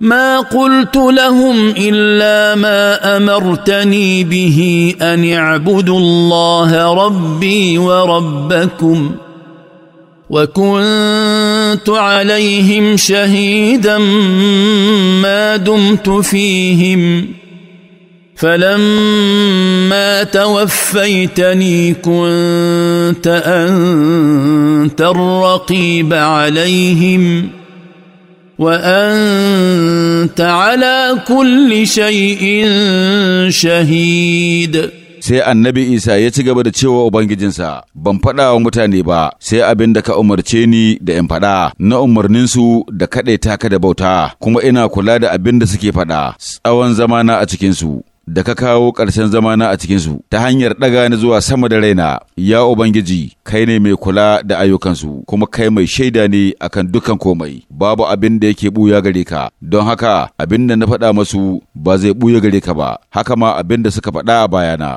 ما قلت لهم الا ما امرتني به ان اعبدوا الله ربي وربكم وكنت عليهم شهيدا ما دمت فيهم فلما توفيتني كنت انت الرقيب عليهم وأنت على كل شيء شهيد sai annabi isa ya ci gaba da cewa ubangijinsa ban faɗa wa mutane ba sai abin da ka umarce ni da in faɗa na umarninsu da kaɗai taka da bauta kuma ina kula da abin da suke faɗa tsawon zamana a cikinsu da ka kawo ƙarshen zamana a cikinsu ta hanyar ɗaga ni zuwa sama da raina ya ubangiji kai ne mai kula da ayyukansu kuma kai mai shaida ne akan dukan komai babu abin da yake buya gare ka don haka abin da na faɗa masu ba zai buya gare ka ba haka ma abin da suka faɗa a bayana